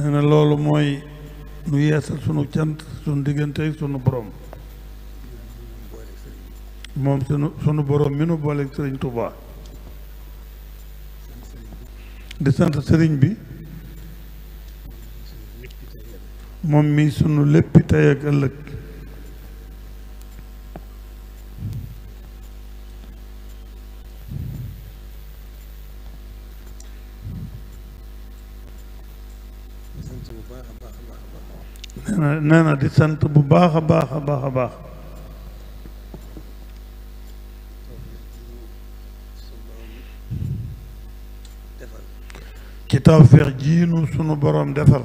nee na loolu mooy nu yeesal sunu cant sunu diggante sunu borom moom sunu sunu borom mi nu booleeg sëriñ Touba di sant sëriñ bi moom mi sunu lépp tey ak ëllëg nee na di sant bu baax a baax a baax a baax ci tawfeex jiinu sunu boroom defal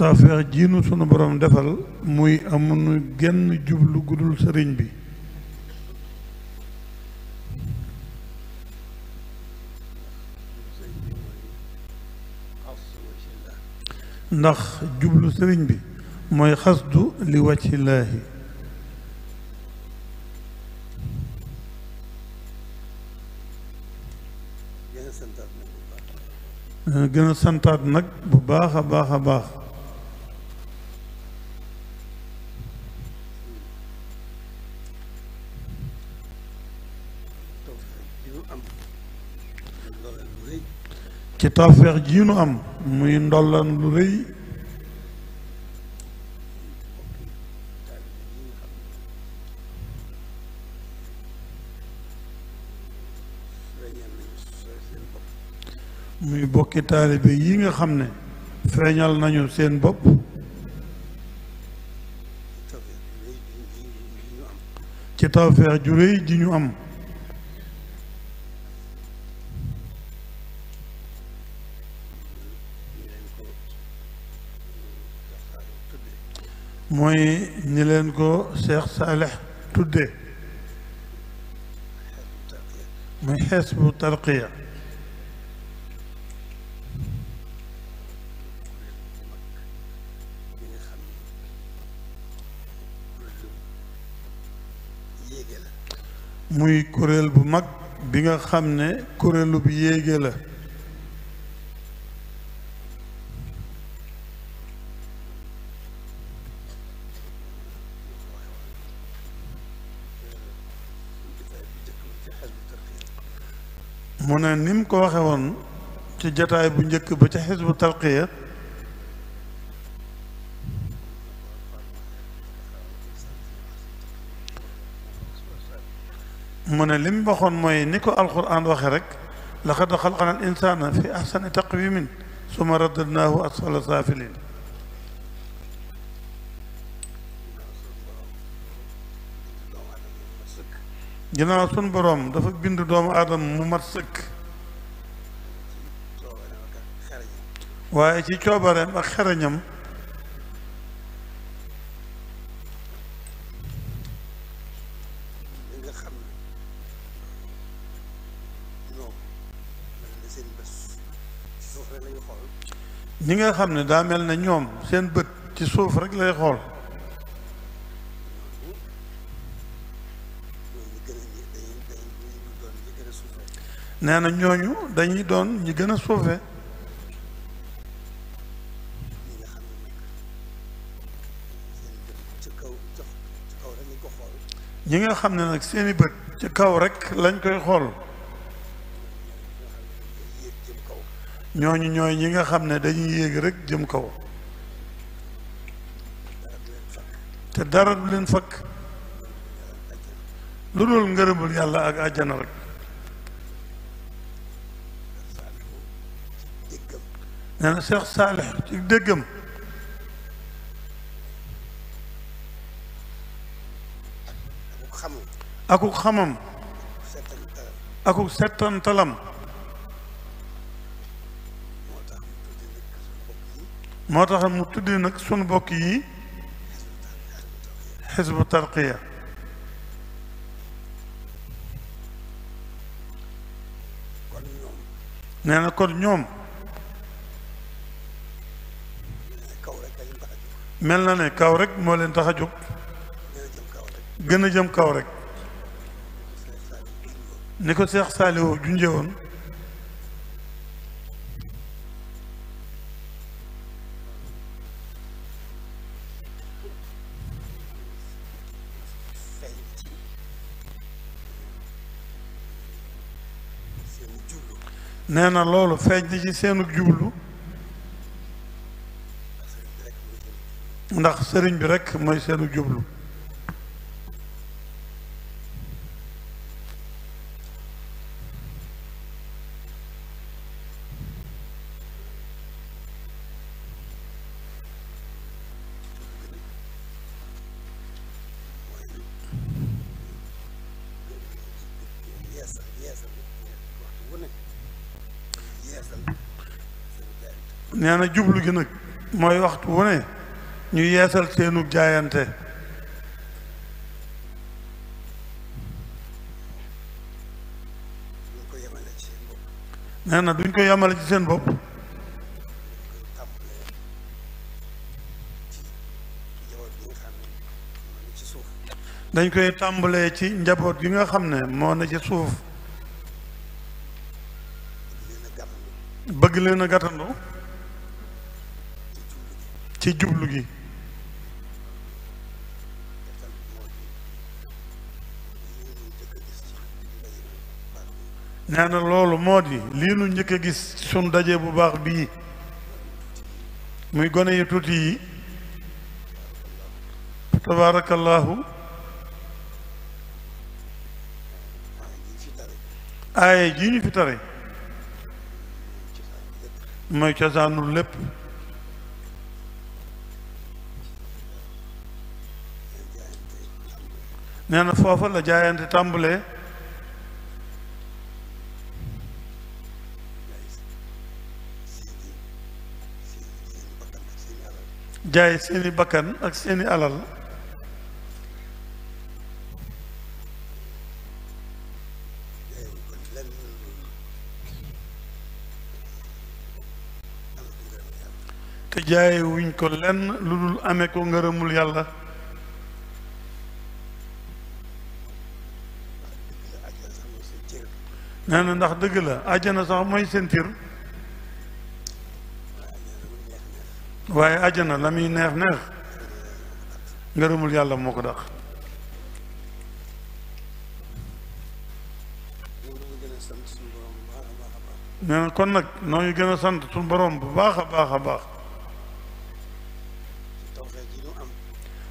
tawfeex jiinu sunu borom defal muy amunu genn jublu gudul sëriñ bi ndax jublu sëriñ bi mooy xasdu li wàccillaahi gën nag bu baax baax a baax ci tawfeex ji nu am muy ndollan lu rëy muy bokki taalibe yi nga xam ne feeñal nañu seen bopp ci tawfeex ju rëy ji ñu am mooy ñileen ko Cheikh Saaleh tudde muy xees bu tarqiya muy kuréel bu mag bi nga xam ne kuréelu bu yéege la ne lim ko waxe woon ci jataay bu njëkk ba ca xisbu talqiya mu ne li mu waxoon mooy ni ko alquran waxe rek laqad xalaqna al insana fi ahsani taqwimin summa raddadnaahu asfala saafilin ginnaaw sun boroom dafa bind doomu aadama mu mat sëkk waaye ci coobareem ak xerañam ñi nga xam ne daa mel na ñoom seen bët ci suuf rek lay xool nee na ñooñu dañuy doon ñi gën a suufe ñi nga xam ne nag seeni bët ci kaw rek lañ koy xool ñooñu ñooy ñi nga xam ne dañuy yéeg rek jëm kaw te dara du leen fakk lu dul ngërëmul yàlla ak àjjana rek nee na Cheikh Saalix ci déggam akuk xamam akuk settantalam moo tax mu tuddi nag sunu bokk yi xisbu tarqiya nee na kon ñoom mel na ne kaw rek moo leen tax a jóg gën a jëm kaw rek ni ko Seex Saaliwu junje woon nee na loolu feeñ na ci seenu jublu ndax sëriñ bi rekk mooy seenu jublu nee jublu gi nag mooy waxtu wu ne ñu yeesal seenu jaayante nee duñ koy yemale ci seen bopp dañ koy tàmbalee ci njaboot gi nga xam ne moo na ci suuf bëgg leen a ci jublu gi nee na loolu moo di lii nu njëkk a gis sun daje bu baax bii muy gone yu tuuti yi tabaarakallaahu aaye jii ñu fi tare mooy cosaanul lépp nee na foofa la jaayante tàmbalee jaay seeni bakkan ak seeni alal te jaay wuñ ko lenn lu dul amee ko ngërëmul yàlla nee ndax dëgg la àjjana sax mooy seen waaye àjjana la muy neex neex ngërëmul yàlla moo ko dàq nee kon nag noo ngi gën a sant suñu borom bu baax a baax a baax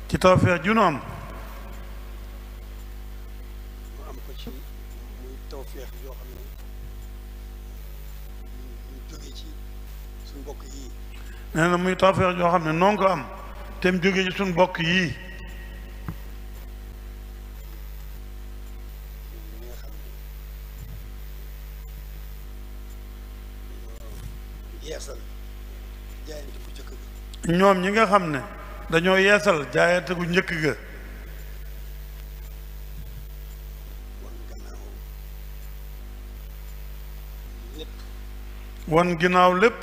ci tawfeex ju nu am tawfeex joo xam suñu mbokk yii nee na muy tawfeex xam ne noonu ko am te mu jóge ci suñu mbokk yii ñoom ñi nga xam ne dañoo yeesal jaayante gu njëkk ga wan ginnaaw lépp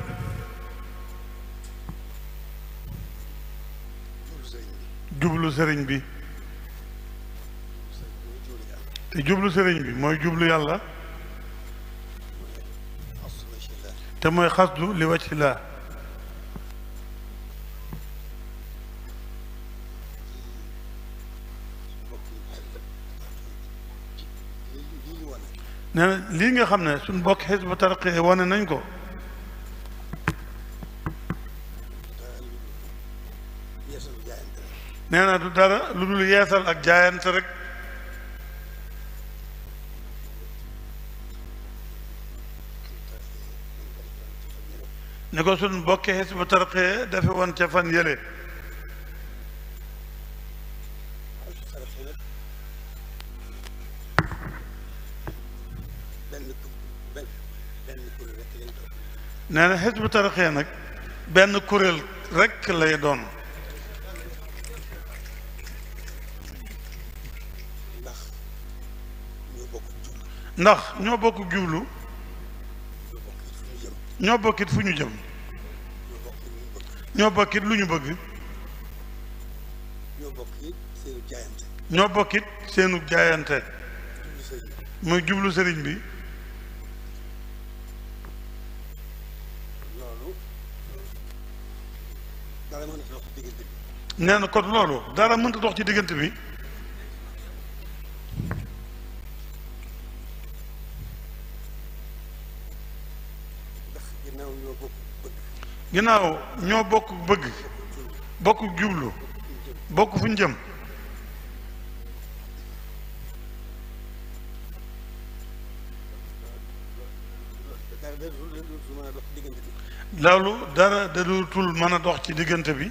jublu sëriñ bi te jublu sëriñ bi mooy jublu yàlla te mooy xasdu li wàcci laa lii nga xam ne suñ bokk Hizbut Tarqiyyah wane nañ ko nee na du dara lu dul yeesal ak jaayant rek ni ko suñ bokki Hizbu Tarqiyyah dafe woon ca fan yële nee na Hizbu Tarqiyyah nag benn kuréel rek lay doon ndax ñoo bokk jublu ñoo bokkit fu ñu jëm ñoo bokkit lu ñu bëgg ñoo bokkit seenu jaayante muy jublu sëriñ bi nee na kon loolu dara mënta dox ci diggante bi ginnaaw ñoo bokk bëgg bokk jublu bokk fu ñu jëm loolu dara da dootul mën a dox ci diggante bi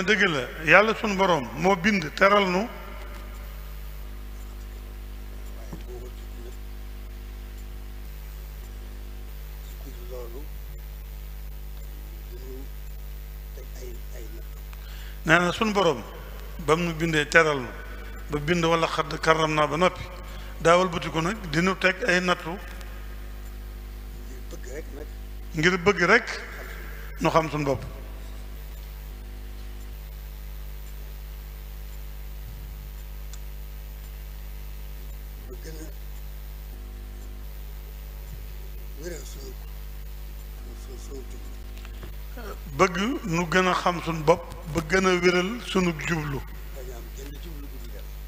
ne dëgg la yàlla sunu boroom moo bind teral nu nee na sunu boroom bam mu nu bindee teral nu ba bind wala xadd karam naa ba noppi daawal butiku nag dinu teg ay nattu ngir bëgg rek nu xam sunu bopp nu gën a xam suñu bopp ba gën a wéral sunu jublu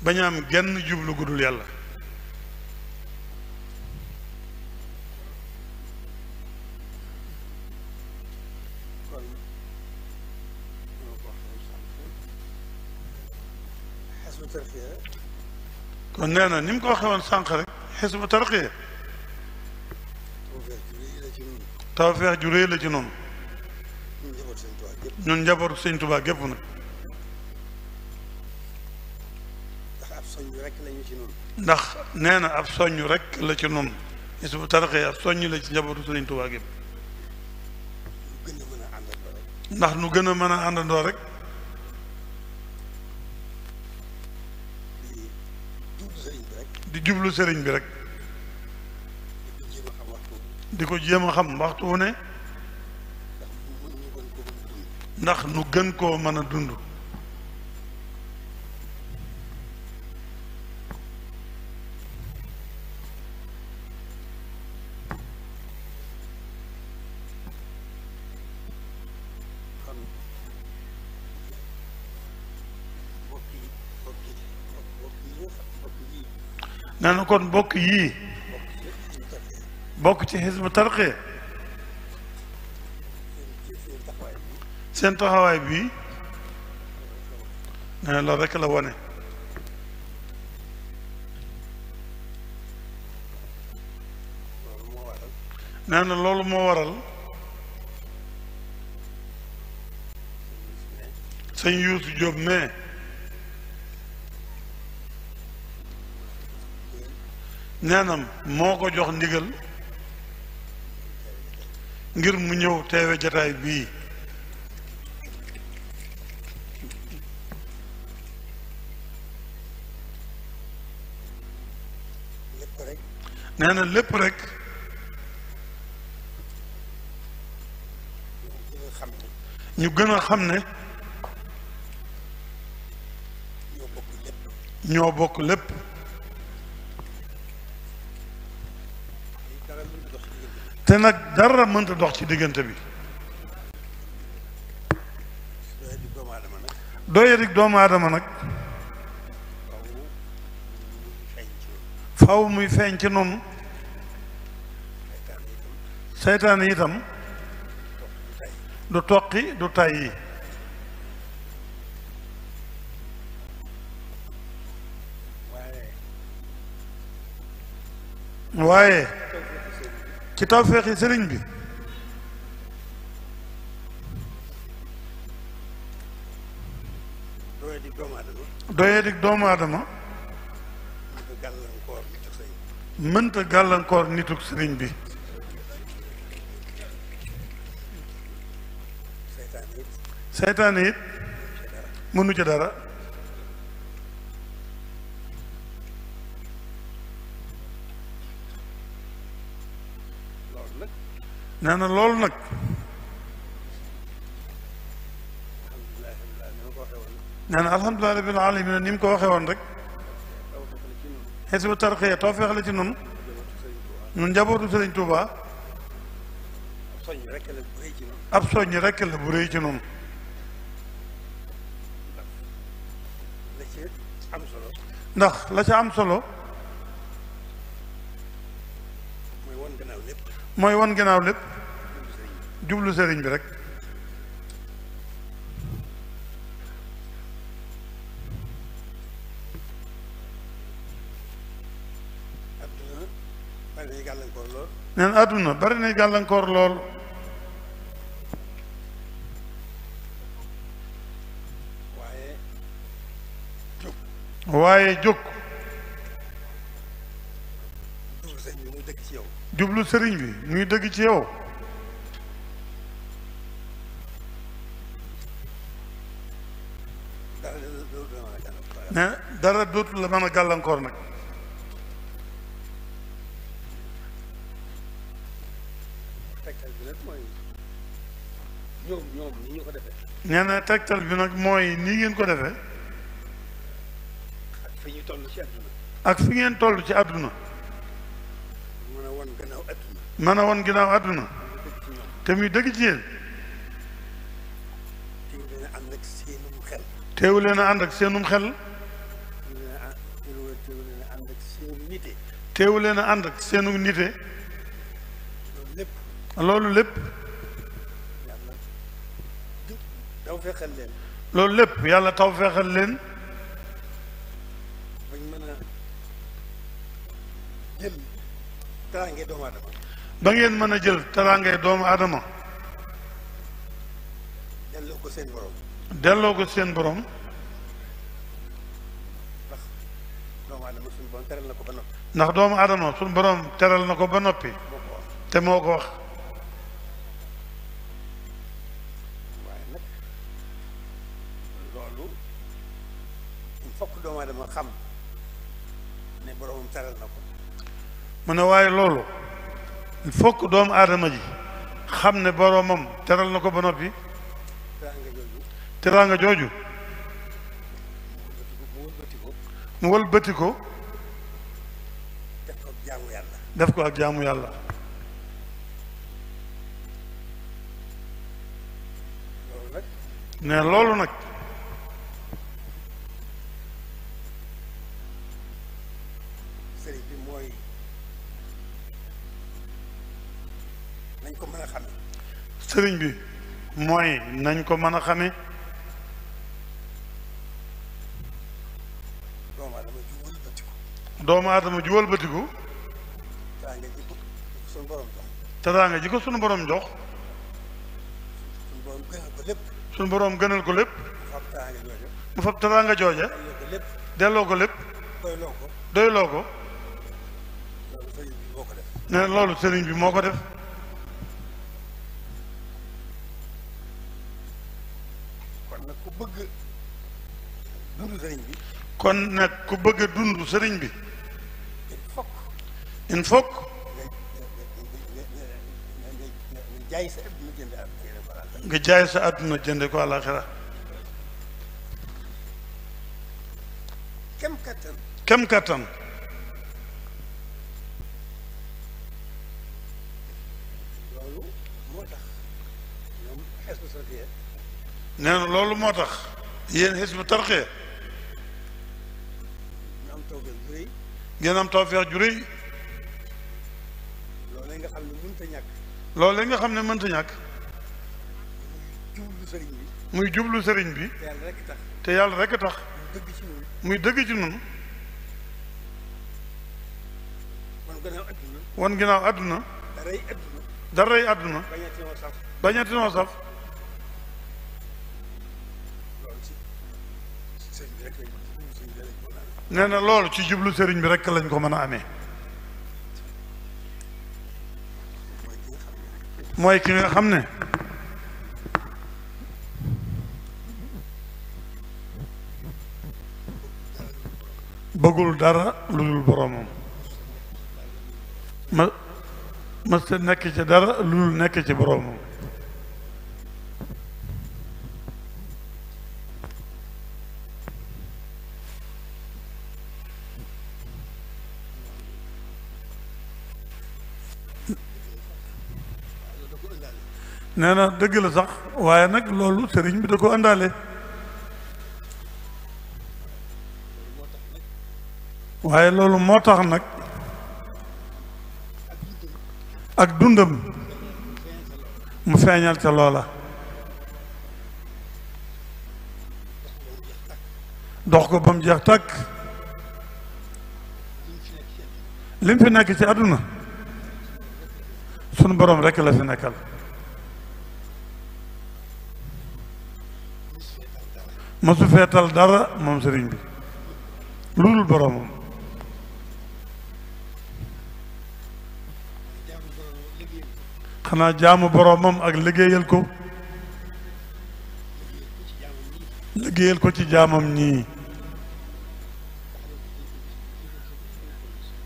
bañ a am genn jublu gudul yàlla kon nee na ni mu ko waxee woon sànq rek xisbu tarqiya tawfeex ju la ci noonu ñun njabootu sëñ Tuubaa gépp nag. ndax nee na ab soññ rek la ci noonu Hizbut Tarqiyyah ab soññ la ci njabootu sëñ Tuubaa gépp ndax nu gën a mën a àndandoo rek. di jublu sëriñ bi rek. di ko jéem a xam waxtu wu ne. ndax nu gën koo mën a dund nee na kon bokk yii bokk ci Hizbut Tarqiyyah seen taxawaay bi nee loolu rekk la wone nee loolu moo waral sëñ Yuusu Jóob mais nee moo ko jox ndigal ngir mu ñëw teewe jataay bii nee lépp rek ñu gën a xam ne ñoo bokk lépp te nag dara mënta dox ci diggante bi doyadik doomu aadama nag faw muy feeñ ci noonu seytaane itam du toqi du tàyyi waaye ci tawféexi sëriñ bi doyee doomu aadama mënta gàllankoor nituk sëriñ bi seytaane it mënu ca dara nee na loolu nag nee na alhamdulilah rabbil alamin ni mu ko waxee woon rek Hizbut Tarqiyyah tawfeex la ci nun ñun njabootu Sëriñ Tuuba ab soññ rekk la bu ci nun ndax la ca am solo mooy wan gannaaw lépp mooy wan gannaaw lépp jublu sëriñ bi rek neen àdduna bari na gàllankoor lool waaye jóg jublu sëriñ bi muy dëgg ci yow ne dara dootul la mën a gàllankoor nag nee na tegtal bi nag mooy nii ngeen ko defe ak fi ngeen toll ci àdduna mën a won ginnaaw àdduna mën a won ginnaaw àdduna te muy dëgg ci yéen teewu leen a ànd ak seenum xel teewu leen a ànd ak seenum nite loolu lépp loolu lépp yàlla taw feexal leen teraangay doomu aadama ba ngeen mën a jël teraangay doomu aadama delloo ko seen borom delloo ko seen borom ndax doomu aadama suñu borom teral na ko ba noppi te moo ko wax mu ne waaye loolu fokk doomu aadama ji xam ne boroomam teral na ko ba noppi teraanga jooju mu wëlbati ko def ko ak jaamu yàlla ne loolu nag ko sëriñ bi mooy nañ ko mën a xame doomu aadama ju wëlbatiku teraanga ji ko sunu borom jox sunu borom gënal ko lépp mu fab teraanga jooja delloo ko lépp doyloo ko nee loolu sëriñ bi moo ko def bëgg dund kon nag ku bëgg a dund sëriñ bi. il faut nga jaay sa àdduna jënde ko àlaxira kem kattan kem kattan nee loolu moo tax yéen Hizbut Tarqiyyah ngeen am tawfeex ju rëy nga xam ne mënta ñàkk nga xam ne mënta ñàkk muy jublu sëriñ bi te yàlla rekk tax muy dëgg ci nun wan ginnaaw àdduna daray àdduna bañati noo saf nee na loolu ci jublu sëriñ bi rekk lañu ko mën a amee mooy ki nga xam ne bëggul dara lu dul boromam ma ma nekk ci dara lu dul nekk ci boromam nee na dëgg la sax waaye nag loolu sëriñ bi da ko àndaale waaye loolu moo tax nag ak dundam mu feeñal ca loola dox ko ba mu jeex tàkk lim fi nekk ci àdduna sunu borom rekk la fi nekkal masu feetal dara moom sëriñ bi lu dul boroomam xanaa jaamu boroomam ak liggéeyal ko liggéeyal ko ci jaamam ñii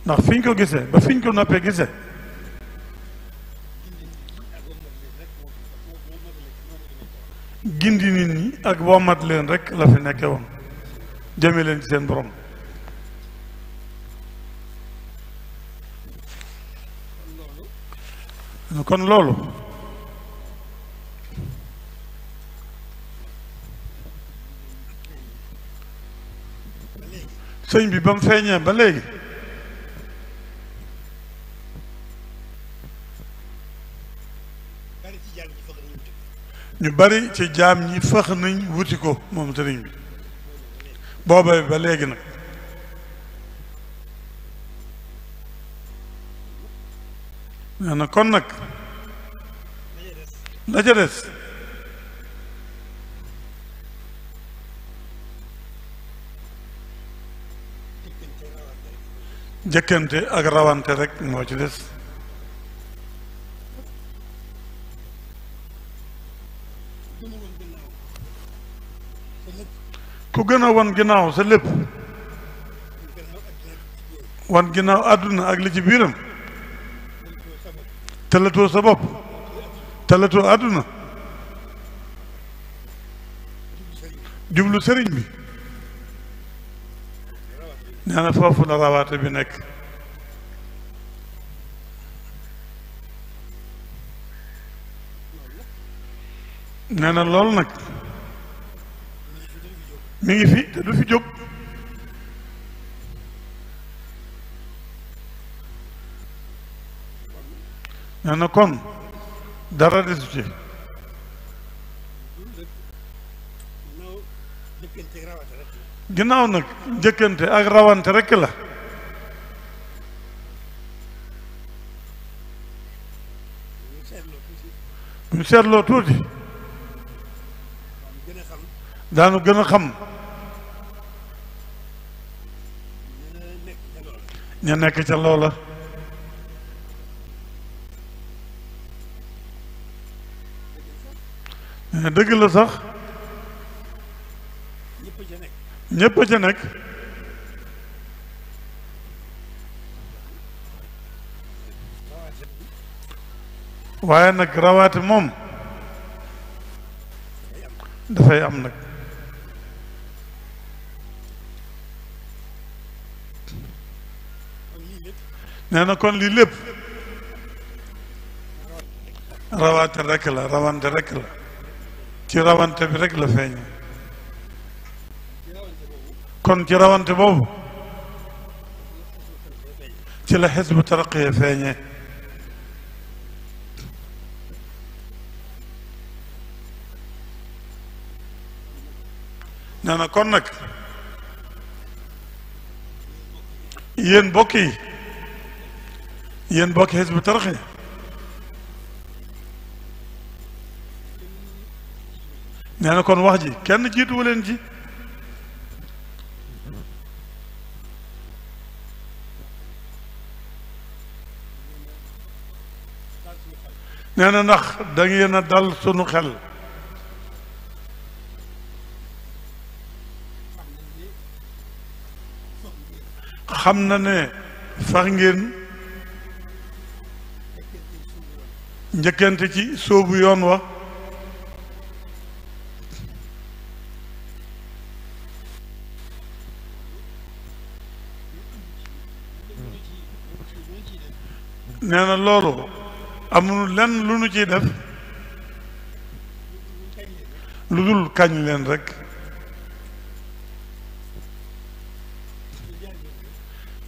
ndax fi ñu ko gisee ba fi ñu ko noppee gisee gindi nit ñi ak wommat leen rekk la fi nekke woon jëme leen ci seen borom kon loolu sëñ bi ba mu feeñee ba léegi ñu bari ci jaam ñi fëx nañ wuti ko moom sëriñ bi booba ba léegi nag nee na kon nag la ca des jëkkante ak rawante rek moo ci des ku gën a wan ginnaaw sa lépp wan ginnaaw àdduna ak li biiram talatoo sa bopp talatoo àdduna jublu sëriñ bi nee foofu la rawaate bi nekk nee na nag mi ngi fi te du fi jóg nee na kon dara desu ci nag njëkkante ak rawante rekk la bu ñu seetloo tuuti daanu gën a xam ña nekk ca loola eh, dëgg la sax ñépp ca nekk waaye nag rawaate moom dafay am nag nee na kon lii lépp rawaate rek la rawante rek la ci rawante bi rek la feeñ kon ci rawante boobu ci la xisbu taraqiya feeñee nee na kon nag yéen bokk yi yéen bokk Hizbut Tarqiyyah nee na kon wax ji kenn jiituwu leen ji nee na ndax da ngeen a dal sunu xel xam na ne sax ngeen njëkkante ci sóobu yoon wa nee na loolu amul lenn lu nu ciy def lu dul kañ leen rek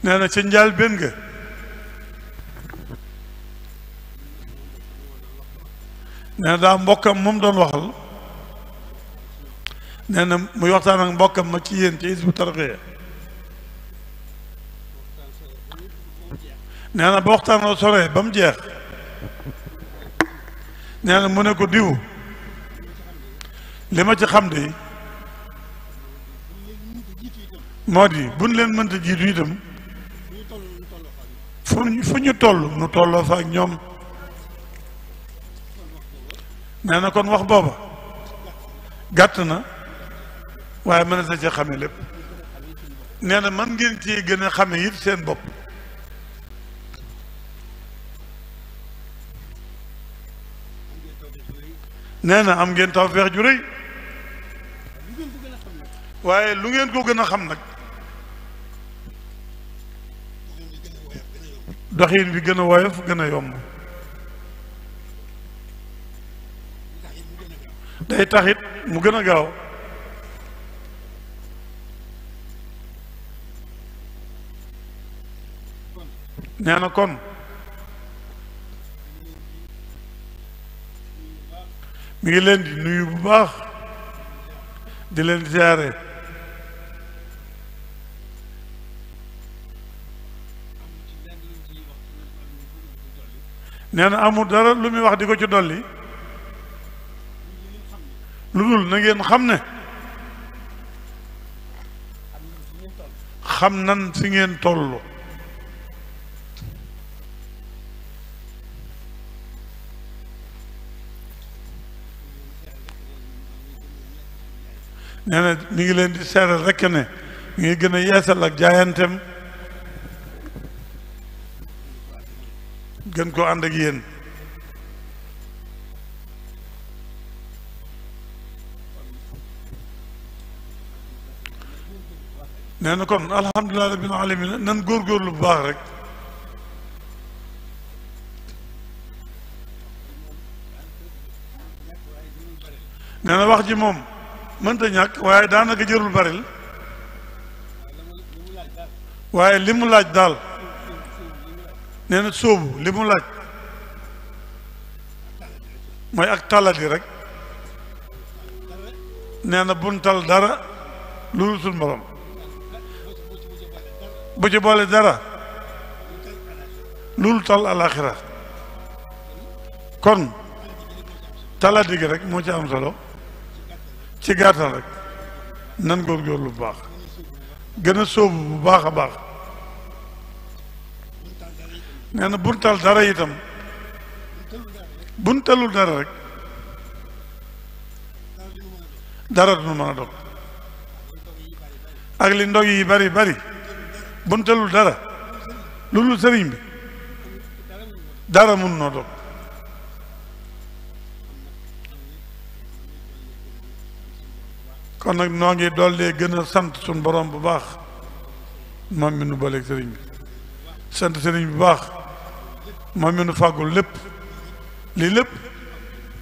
nee na ca njaal benn nga nee daa mbokkam moom doon waxal nee na muy waxtaan ak mbokkam ma ci yéen ci Hizbut Tarqiyyah nee na ba waxtaan la soree ba mu jeex nee na mu ne ko diw li ma ci xam de moo di buñ leen mënta jiitu itam fu fu ñu toll nu tolloo fa ak ñoom nee na kon wax booba gàtt na waaye mën na ca xame lépp nee na man ngeen ci gën a xame it seen bopp nee na am ngeen tawfeex ju waaye lu ngeen ko gën a xam nag dox doxin bi gën a woyof gën a yomb day taxit mu gën a gaaw nee na kon mi ngi leen di nuyu bu baax di leen ziare nee na amul dara lu muy wax di ko ci dolli lu dul na ngeen xam ne xam nan si ngeen toll nee na mi ngi leen di seeral rekk ne mi gën a yeesal ak jaayanteem gën koo ànd ak yeen nee na kon alhamdulilah rabbil alamin nan góorgóorlu bu baax rek nee wax ji moom mënta ñàkk waaye daanaka jërul baril waaye li mu laaj daal nee sóobu li mu laaj mooy ak tàlladi rek neena na buntal dara lu dul suñu borom bu ci boole dara loolu tal alaxira kon talaati gi rek moo ci am solo ci gàttal rek nan góorgóorlu bu baax gën a sóobu bu baax a baax nee na bun tal dara itam bun talul dara rek dara du mën a dog ak li ndog yi bari bari bantalul dara loolu sëriñ bi dara mun noo dog kon nag noo ngi dollee gën a sant suñ boroom bu baax moom mi sëriñ bi sant sëriñ bu baax moom mi nu fàggul lépp lii lépp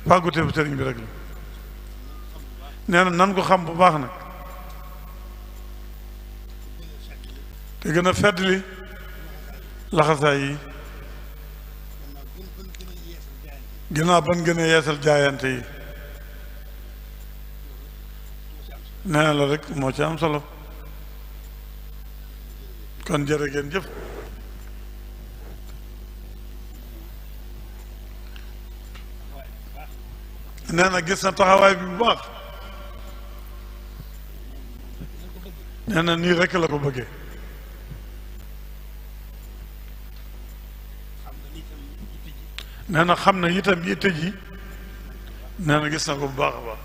fàggute bu sëriñ bi rek la nee na nan ko xam bu baax nag te gën a feddli laxasaay yi ginnaaw ban gën a yeesal jaayante yi nee la rek moo ci am solo kon jërë ngeen jëf nee na gis na taxawaay bi baax nee nii rek la ko bëggee nee na xam na itam yitte ji nee na gis na ko bu baax a baax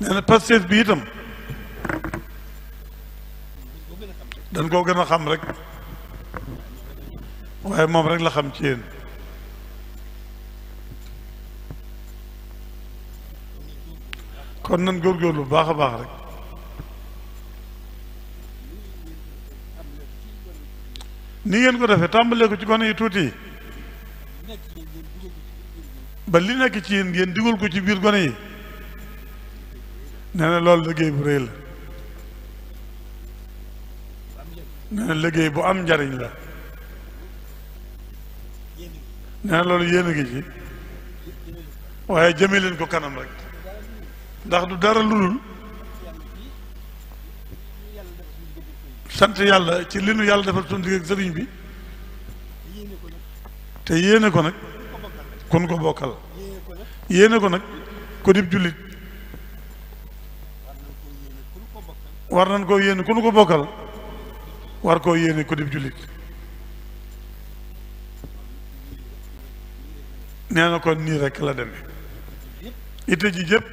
nee na bi itam dañ koo gën a xam rek waaye moom rek la xam ci yéen kon nan góor bu baax a baax rek ni ngeen ko defee tàmbalee ko ci gone yi tuuti yi ba li nekk ci yéen ngeen digal ko ci biir gone yi nee loolu liggéey bu rëy la nee na liggéey bu am njariñ la nee loolu yéen a ngi ci waaye jëme leen ko kanam rek ndax du dara lu sant yàlla ci li nu yàlla defal suñu digg ak sëriñ bi te yéene ko nag kun ko bokkal yéene ko nag ko jullit war nañ koo yéene ku ko bokkal war koo yéene ko dib jullit nee na kon nii rekk la demee ite ji jëpp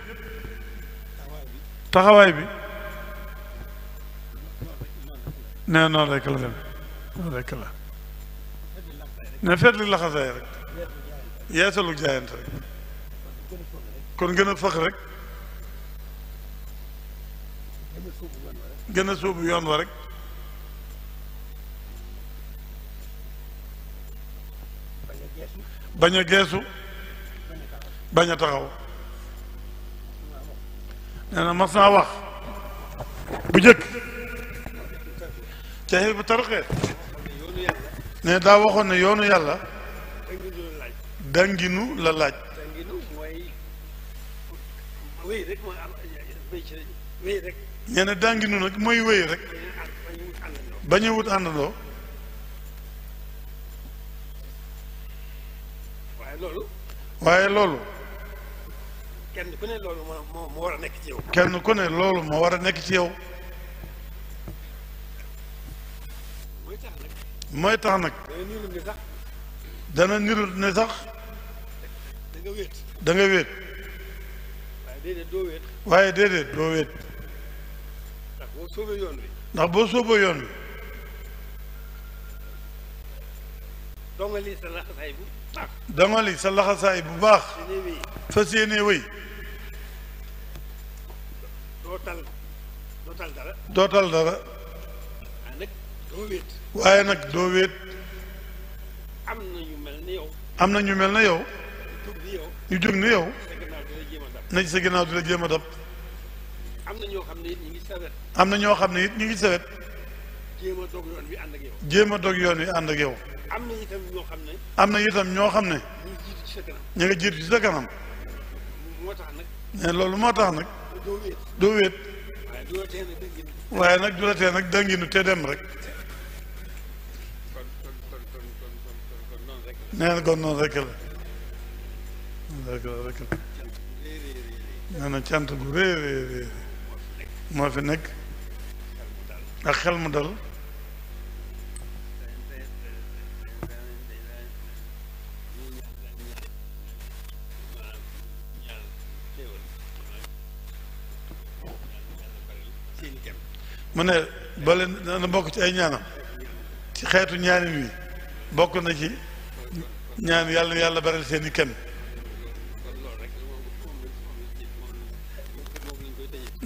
taxawaay bi nee noonu rek la dem noonu rek la ne feet li laxasaay rek yeesalu jaayante rek kon gën a fëx rek gën a suubu yoon wa rek bañ a geesu bañ a taxaw nee na mas naa wax bu jëkk ca Hizbu Tarqiyyah ne daa waxoon ne yoonu yàlla danginu la laaj nee na danginu nag mooy wéy rek bañ a wut àndandoo waaye loolu kenn ku ne loolu moo war a nekk ci yow kenn ku ne loolu moo war a nekk ci yow mooy tax nag dana nirul ne sax da nga wéet waaye déedéet doo wéet ndax boo sóoboo yoon wi dongali sa laxasaay bu baax dongali sa laxasaay waaye nag doo wéet am na ñu mel na yow ñu mel na yow ñu jóg ni yow nañ sa di jéem a dab am na ñoo xam ne it ñu ngi sawet am na ñoo xam ne it ñu ngi sawet jéem a dog yoon wi ànd ak yow jéem a dog yoon wi ànd ak yow am na itam ñoo xam ne am na itam ñoo xam ne ñu nga jiitu ci sa kanam moo tax nag loolu moo tax nag doo wéet waaye nag du la tee nag danginu te dem rek nee na kon noonu rek la rek la rek cant bu rëy rëy rëy moo fi nekk ak xel mu dal mu ne ba leen dana bokk ci ay ñaanam ci xeetu ñaanin wi bokk na ci ñaan yàlla na yàlla baral seen i kenn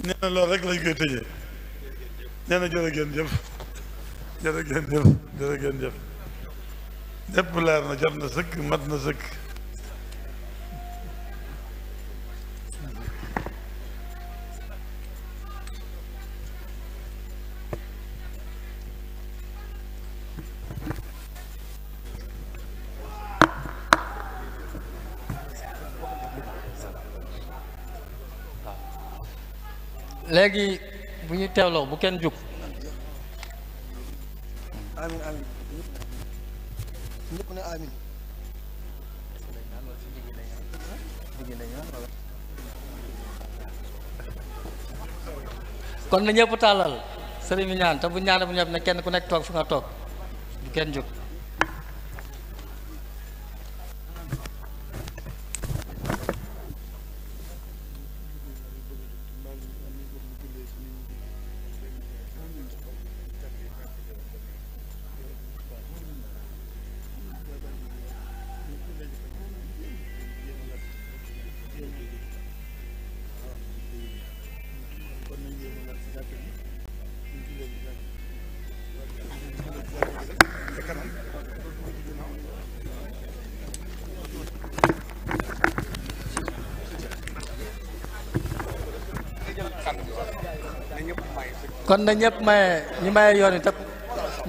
nee na loolu rek lañ koy tëjee nee na jërë ngeen jëf jërë ngeen jëf jërë ngeen jëf lépp leer na jot na sëkk mat na sëkk léegi bu ñu teewloo bu kenn jóg kon na ñëpp tàllal sëriñ bi ñaan te bu ñaan bu ñëpp ne kenn ku nekk toog fi nga toog bu kenn jóg kon na ñëpp maye ñi maye yoon wi te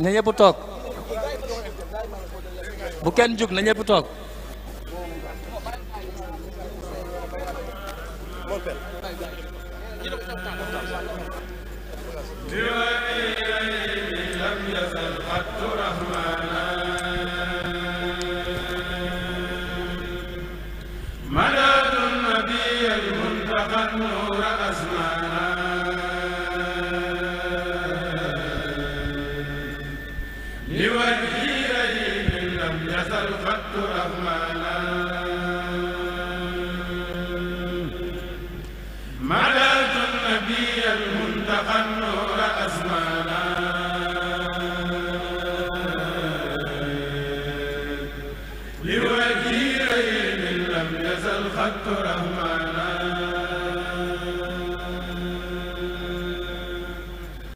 na ñëpp toog bu kenn jug na ñëpp toog